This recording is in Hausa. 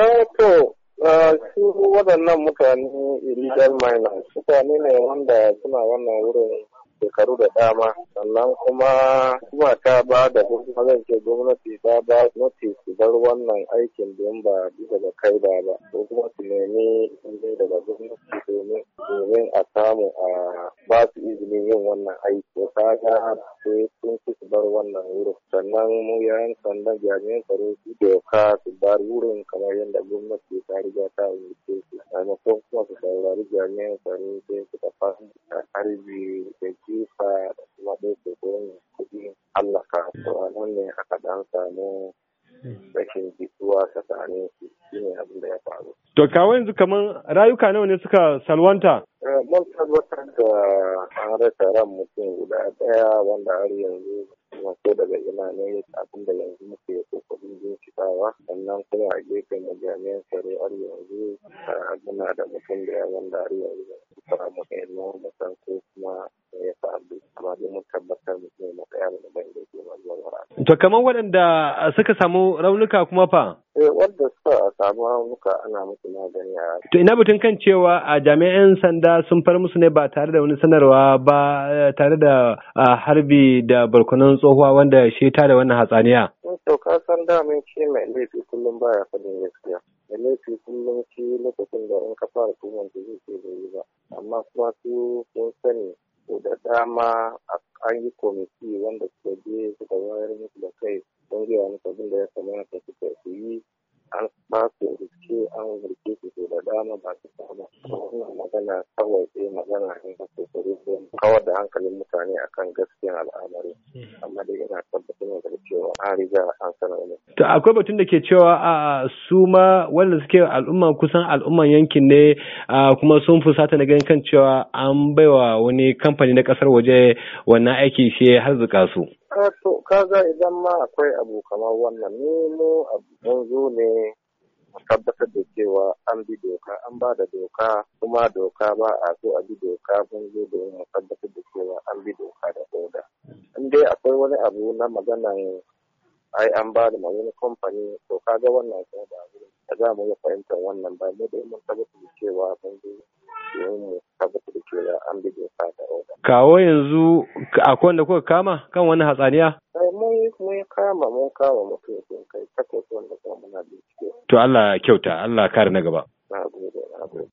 Eh, to eh, su waɗannan mutane illegal miners mutane ne wanda suna wannan wurin shekaru da dama sannan kuma kuma ta ba da zan ce gwamnati ta ba noti su bar wannan aikin don ba bisa da kai ba ba ko kuma su nemi inda daga gwamnati domin domin a samu a ba su izinin yin wannan aiki ta ga sai sun fi su bar wannan wurin sannan mu yayin sandan jami'an tsaro su doka su bar wurin kamar yadda gwamnati ta riga ta umarce su maimakon kuma su saurari jami'an tsaro sai su kafa harbi da jifa da kuma ɗaya kuɗin Allah ka a nan ne aka dan samu rashin jituwa tsakanin su shine abin da ya faru. To kawo yanzu kamar rayuka nawa ne suka salwanta? Eh, mun tabbatar da an rasa ran mutum guda ɗaya wanda har yanzu wato daga ina ne abin da yanzu muke kokarin bincikawa sannan kuma a gefen jami'an har yanzu eh, muna da mutum da wanda har yanzu ba mu kai mu san ko kuma ya faru amma dai mun tabbatar mutum na ɗaya da bai To kamar waɗanda suka samu raunuka kuma fa? Eh wanda suka samu raunuka ana musu magani a. To ina batun kan cewa a jami'an sanda sun far musu ne ba tare da wani sanarwa ba eh, tare da harbi da barkunan tsohuwa wanda shi ta da wannan hatsaniya. Eh, to sauka san mun ce mai laifi kullum ba ya faɗin gaskiya. Mai laifi kullum shi lokacin da in ka fara tuhumar da zai ce ba. Amma kuma su sun sani da dama a an yi komiti wanda suka je suka wayar musu su riske an rike su da dama ba su samu wannan magana kawai sai magana da kokari kawar da hankalin mutane akan gaskiyar al'amari amma dai yana tabbatar da cewa an riga an sanar ne. to akwai batun da ke cewa a su ma wanda suke al'umma kusan al'umman yankin ne kuma sun fusata na ganin kan cewa an baiwa wani kamfani na kasar waje wannan aiki shi har harzuka su. to kaga idan ma akwai abu kamar wannan ne mu mun zo ne tabbatar da cewa an bi doka an ba da doka kuma doka ba a so a bi doka mun zo domin mu tabbatar da cewa an bi doka da oda in dai akwai wani abu na maganan ai an ba da maganin kamfani to kaga wannan kuma abu da za mu yi fahimtar wannan ba mu dai mun tabbatar da cewa mun zo domin mu tabbatar da cewa an bi doka da oda kawo yanzu akwai wanda kuka kama kan wani hatsaniya eh, mun kama mun kama mutum sun kai takwas To Allah kyauta, Allah kare na gaba.